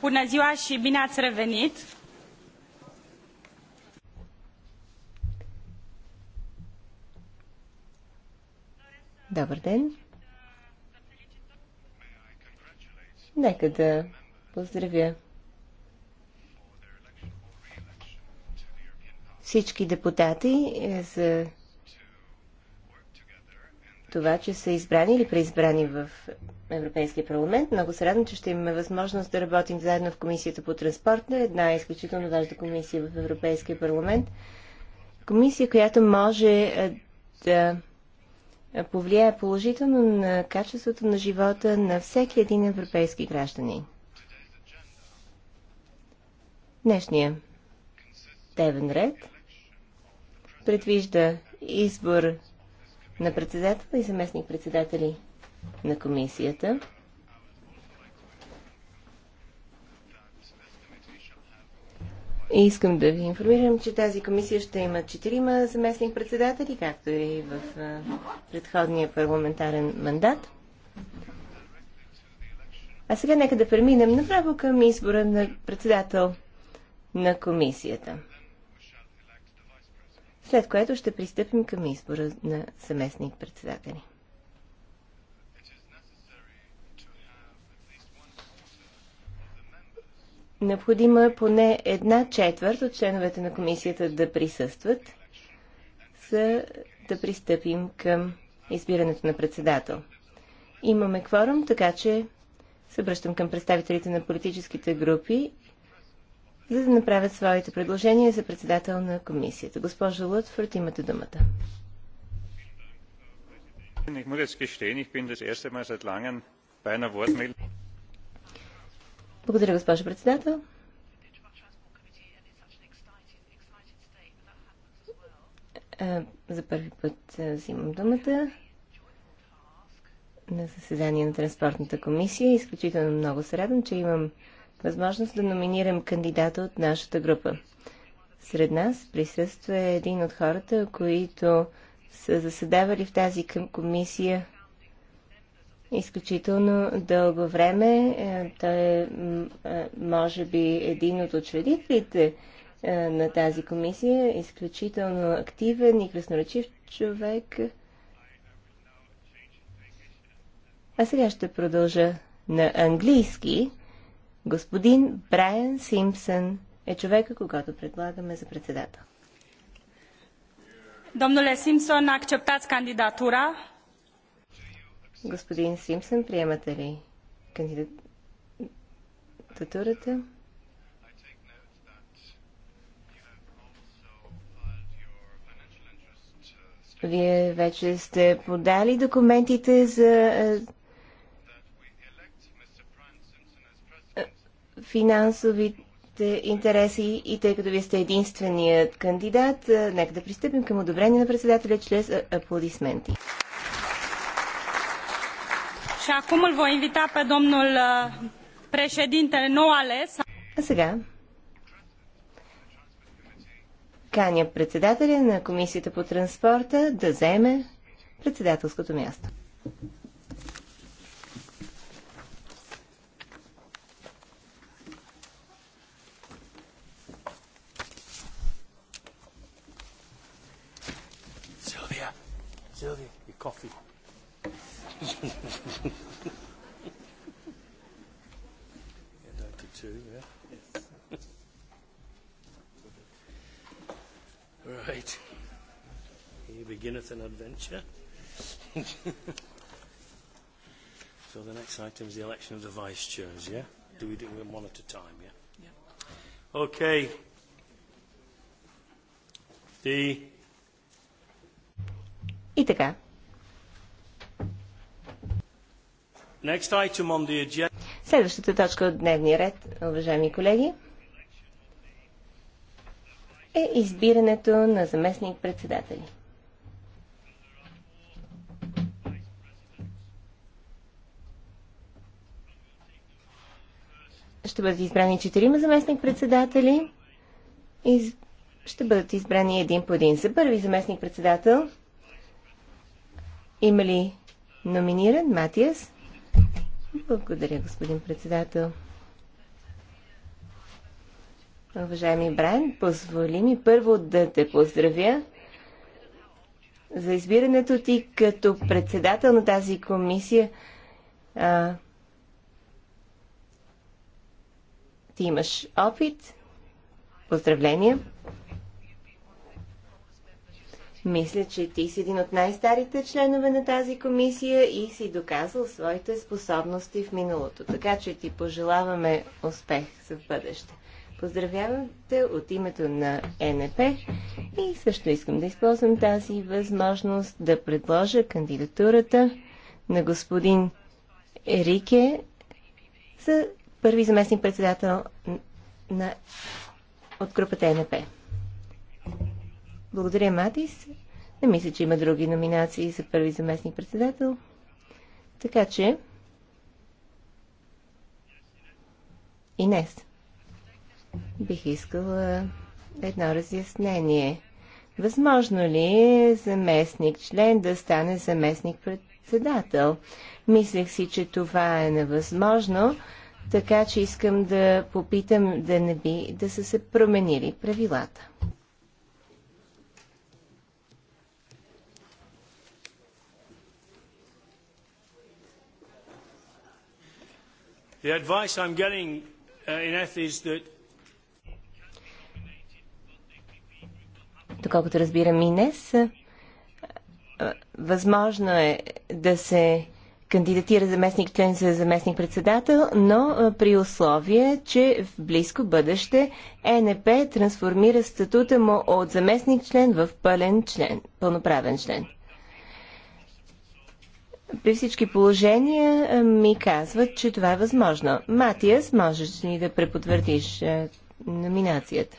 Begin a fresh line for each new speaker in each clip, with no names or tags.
Bună ziua și bine ați revenit!
Добър ден! Нека да поздравя всички депутати е, за това, че са избрани или преизбрани в Европейския парламент. Много се радвам, че ще имаме възможност да работим заедно в Комисията по транспорта, една изключително важна комисия в Европейския парламент. Комисия, която може да повлияе положително на качеството на живота на всеки един европейски гражданин. Днешния дневен ред предвижда избор на председател и заместник председатели на комисията. И искам да ви информирам, че тази комисия ще има четирима заместник председатели, както и в предходния парламентарен мандат. А сега нека да преминем направо към избора на председател на комисията след което ще пристъпим към избора на съместник председатели. Необходимо е поне една четвърт от членовете на комисията да присъстват, за да пристъпим към избирането на председател. Имаме кворум, така че се връщам към представителите на политическите групи за да направят своите предложения за председател на комисията. Госпожа Лътфорд, имате думата. Благодаря, госпожо председател. За първи път взимам думата на заседание на Транспортната комисия. Изключително много се радвам, че имам възможност да номинирам кандидата от нашата група. Сред нас присъства един от хората, които са заседавали в тази комисия изключително дълго време. Е, той е, е, може би, един от учредителите е, на тази комисия, изключително активен и красноречив човек. А сега ще продължа на английски. Господин Брайан Симпсън е човека, когато предлагаме за председател.
Domnule Simpson, акцептац кандидатура.
Господин Симпсън, приемате ли кандидатурата? Вие вече сте подали документите за финансовите интереси и тъй като вие сте единственият кандидат, нека да пристъпим към одобрение на председателя чрез аплодисменти.
Și acum îl voi invita pe domnul președintele nou ales.
А сега каня председателя на Комисията по транспорта да вземе председателското място.
coffee. Right. Here beginneth an adventure. so the next item is the election of the vice chairs, yeah? Do we do them one at a time, yeah? Yeah. Okay. The...
И така, Следващата точка от дневния ред, уважаеми колеги, е избирането на заместник-председатели. Ще бъдат избрани четирима заместник-председатели и ще бъдат избрани един по един. За първи заместник-председател има ли номиниран Матиас? Благодаря, господин председател. Уважаеми Брайан, позволи ми първо да те поздравя за избирането ти като председател на тази комисия. А, ти имаш опит. Поздравления. Мисля, че ти си един от най-старите членове на тази комисия и си доказал своите способности в миналото. Така че ти пожелаваме успех за бъдеще. Поздравявам те от името на НП и също искам да използвам тази възможност да предложа кандидатурата на господин Ерике за първи заместник председател на, от групата НП. Благодаря, Матис. Не мисля, че има други номинации за първи заместник председател. Така че... Инес, бих искала едно разяснение. Възможно ли е заместник член да стане заместник председател? Мислех си, че това е невъзможно, така че искам да попитам да не би да са се променили правилата.
The advice I'm getting uh, in is that
Доколкото разбирам и днес, възможно е да се кандидатира заместник член за заместник председател, но при условие, че в близко бъдеще ЕНП трансформира статута му от заместник член в пълен член, пълноправен член при всички положения е, ми казват, че това е възможно. Матиас, можеш ли да препотвърдиш е, номинацията?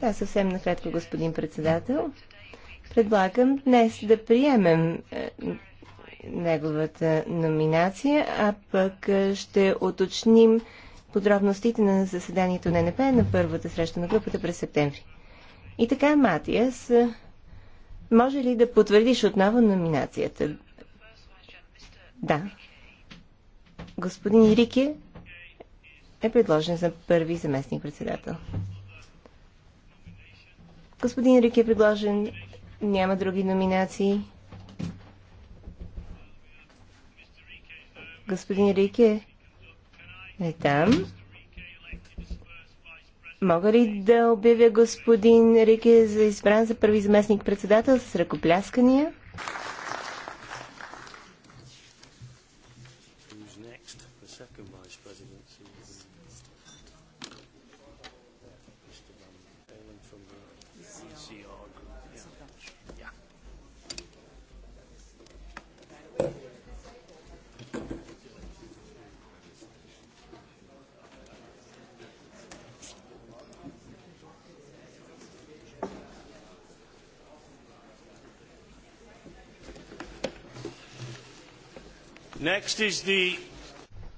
Да, съвсем накратко, господин председател. Предлагам днес да приемем е, неговата номинация, а пък ще уточним подробностите на заседанието на НП на първата среща на групата през септември. И така, Матиас, може ли да потвърдиш отново номинацията? Да. Господин Рике е предложен за първи заместник председател. Господин Рике е предложен. Няма други номинации. Господин Рике е там. Мога ли да обявя господин Рике за избран за първи заместник председател с ръкопляскания?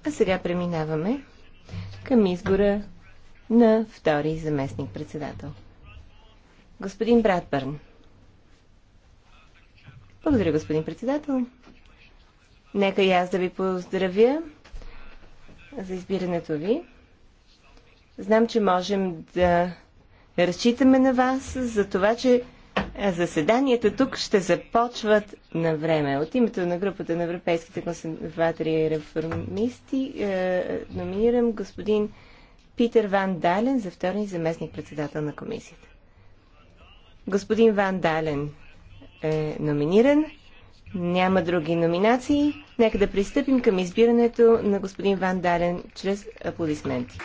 А сега преминаваме към избора на втори заместник-председател. Господин Братбърн. Благодаря, господин председател. Нека и аз да ви поздравя за избирането ви. Знам, че можем да разчитаме на вас за това, че заседанието тук ще започват на време. От името на групата на европейските консерватори и реформисти е, номинирам господин Питер Ван Дален за втори заместник председател на комисията. Господин Ван Дален е номиниран. Няма други номинации. Нека да пристъпим към избирането на господин Ван Дален чрез аплодисменти.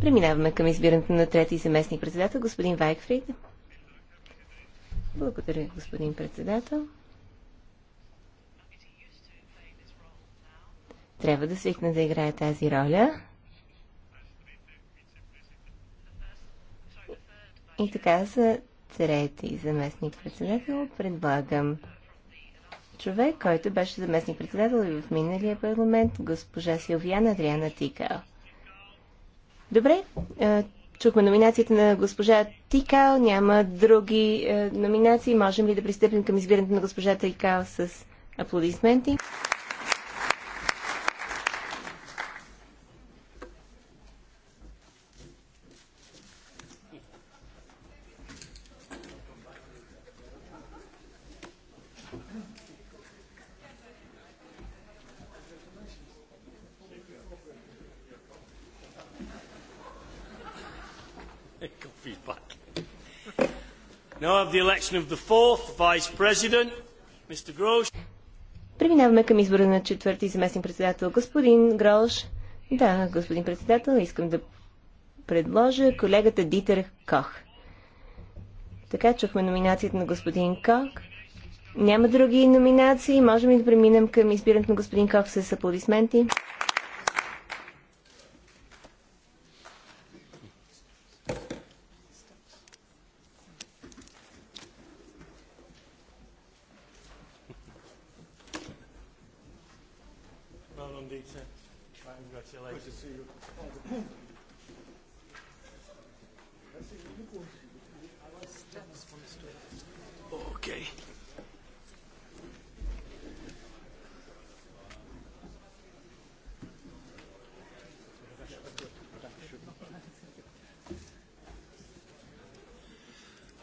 Преминаваме към избирането на трети заместник председател, господин Вайкфрид. Благодаря, господин председател. Трябва да свикна да играя тази роля. И така за трети заместник председател предлагам човек, който беше заместник председател и в миналия парламент, госпожа Силвияна Адриана Тикал. Добре, е, чухме номинацията на госпожа Тикал, няма други е, номинации. Можем ли да пристъпим към избирането на госпожа Тикал с аплодисменти? Преминаваме към избора на четвърти заместник председател. Господин Грош, да, господин председател, искам да предложа колегата Дитер Кох. Така чухме номинацията на господин Кох. Няма други номинации. Можем ли да преминем към избирането на господин Кох с аплодисменти?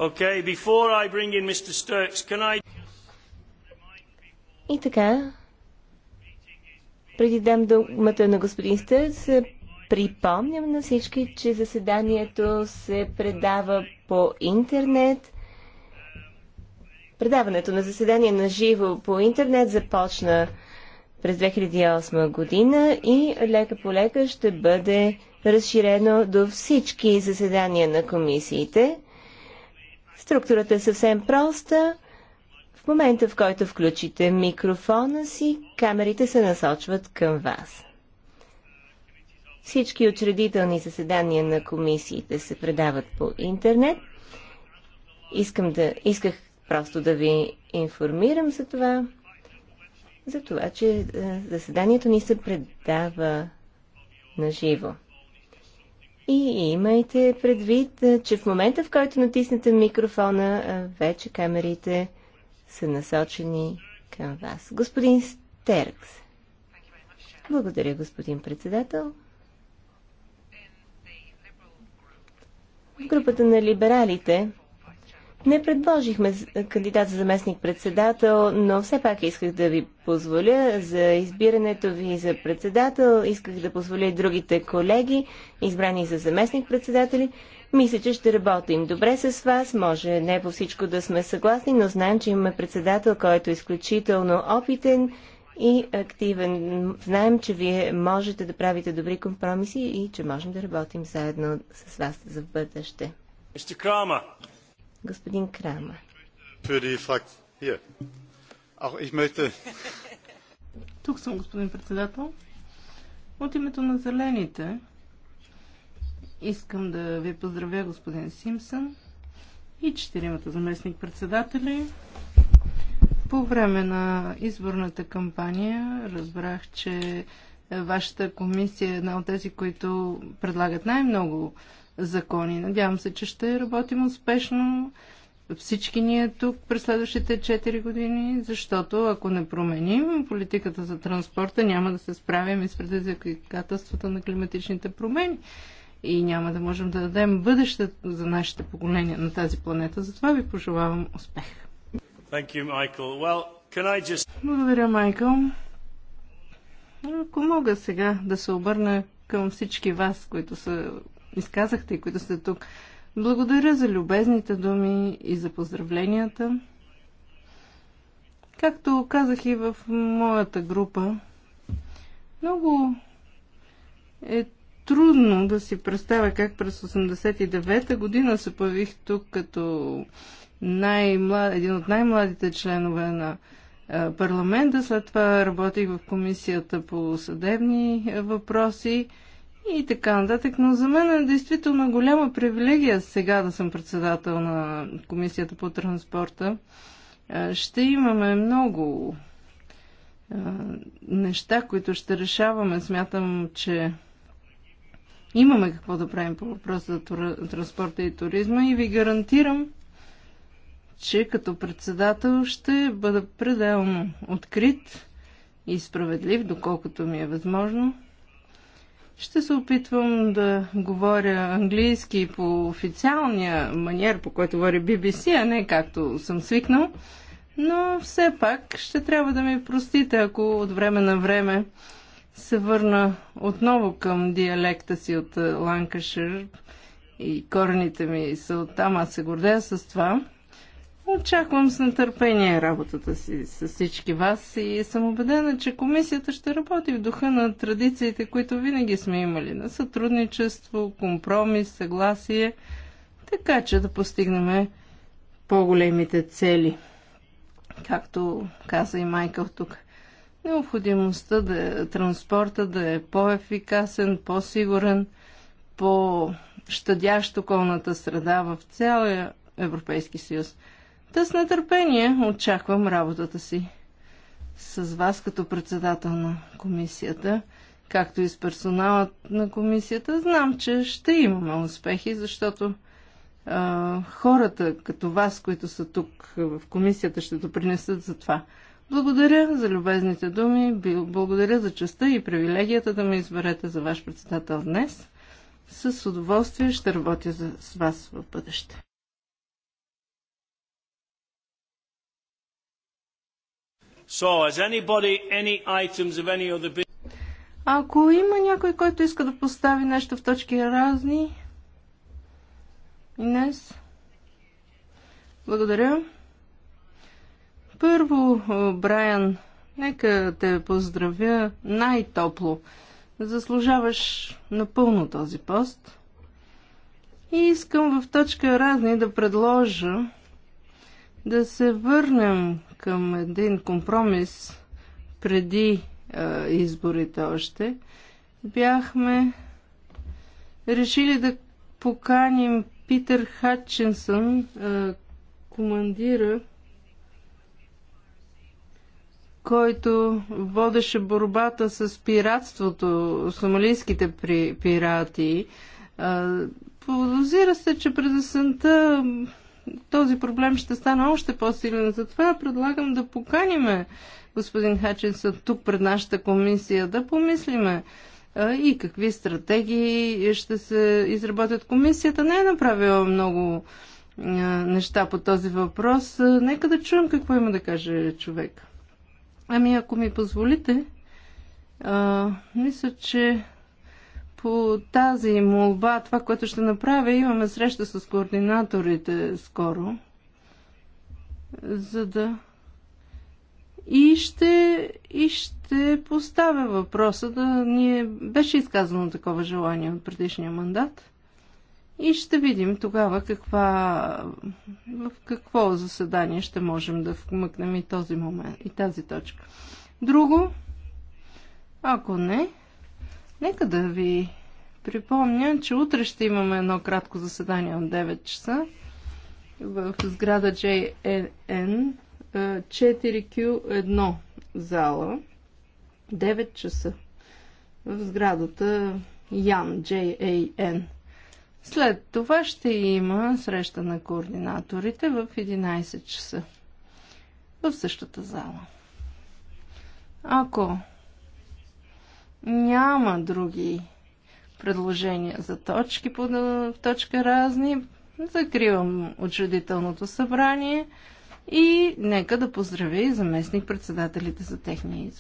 Okay, before I bring in Mr. Sturks, can I...
И така, преди дам думата на господин Стърц, припомням на всички, че заседанието се предава по интернет. Предаването на заседание на живо по интернет започна през 2008 година и лека по лека ще бъде разширено до всички заседания на комисиите. Структурата е съвсем проста. В момента, в който включите микрофона си, камерите се насочват към вас. Всички учредителни заседания на комисиите се предават по интернет. Искам да, исках просто да ви информирам за това, за това, че е, заседанието ни се предава на живо. И имайте предвид, че в момента, в който натиснете микрофона, вече камерите са насочени към вас. Господин Стеркс. Благодаря, господин председател. В групата на либералите не предложихме кандидат за заместник председател, но все пак исках да ви позволя за избирането ви за председател. Исках да позволя и другите колеги, избрани за заместник председатели. Мисля, че ще работим добре с вас. Може не по всичко да сме съгласни, но знаем, че имаме председател, който е изключително опитен и активен. Знаем, че вие можете да правите добри компромиси и че можем да работим заедно с вас за бъдеще.
Mr. Kramer
господин Крама.
Тук съм, господин председател. От името на зелените искам да ви поздравя, господин Симпсън и четиримата заместник-председатели. По време на изборната кампания разбрах, че вашата комисия е една от тези, които предлагат най-много закони. Надявам се, че ще работим успешно всички ние тук през следващите 4 години, защото ако не променим политиката за транспорта, няма да се справим и с предизвикателствата на климатичните промени и няма да можем да дадем бъдеще за нашите поколения на тази планета. Затова ви пожелавам успех.
Thank you, Michael. Well, can I just...
Благодаря, Майкъл. Ако мога сега да се обърна към всички вас, които са изказахте и които сте тук. Благодаря за любезните думи и за поздравленията. Както казах и в моята група, много е трудно да си представя как през 89-та година се появих тук като един от най-младите членове на парламента. След това работих в комисията по съдебни въпроси и така нататък. Но за мен е действително голяма привилегия сега да съм председател на Комисията по транспорта. Е, ще имаме много е, неща, които ще решаваме. Смятам, че имаме какво да правим по въпроса за транспорта и туризма и ви гарантирам, че като председател ще бъда пределно открит и справедлив, доколкото ми е възможно ще се опитвам да говоря английски по официалния манер, по който говори BBC, а не както съм свикнал. Но все пак ще трябва да ми простите, ако от време на време се върна отново към диалекта си от Ланкашир е, и корените ми са оттам, аз се гордея с това. Очаквам с нетърпение работата си с всички вас и съм убедена, че комисията ще работи в духа на традициите, които винаги сме имали на сътрудничество, компромис, съгласие, така че да постигнем по-големите цели. Както каза и Майкъл тук, необходимостта да е, транспорта да е по-ефикасен, по-сигурен, по-щадящ околната среда в цяла Европейски съюз – Та с нетърпение очаквам работата си с вас като председател на комисията, както и с персоналът на комисията. Знам, че ще имаме успехи, защото а, хората като вас, които са тук в комисията, ще допринесат за това. Благодаря за любезните думи, благодаря за честа и привилегията да ме изберете за ваш председател днес. С удоволствие ще работя за, с вас в бъдеще.
So, has anybody any items of any other business?
Ако има някой, който иска да постави нещо в точки разни, Инес, благодаря. Първо, Брайан, нека те поздравя най-топло. Заслужаваш напълно този пост. И искам в точка разни да предложа да се върнем към един компромис преди а, е, изборите още, бяхме решили да поканим Питър Хатчинсън, а, е, командира, който водеше борбата с пиратството, сомалийските пирати. Е, подозира се, че през есента този проблем ще стане още по-силен. Затова предлагам да поканиме господин Хачинсън тук пред нашата комисия, да помислиме и какви стратегии ще се изработят. Комисията не е направила много неща по този въпрос. Нека да чуем какво има да каже човек. Ами, ако ми позволите, мисля, че по тази молба, това, което ще направя, имаме среща с координаторите скоро, за да... И ще, и ще поставя въпроса да ни е, беше изказано такова желание от предишния мандат. И ще видим тогава каква, в какво заседание ще можем да вмъкнем и този момент, и тази точка. Друго, ако не, Нека да ви припомня, че утре ще имаме едно кратко заседание от 9 часа в сграда JN 4Q1 зала 9 часа в сградата Ян JAN. След това ще има среща на координаторите в 11 часа в същата зала. Ако няма други предложения за точки по точка разни. Закривам учредителното събрание и нека да поздравя и заместник председателите за техния избор.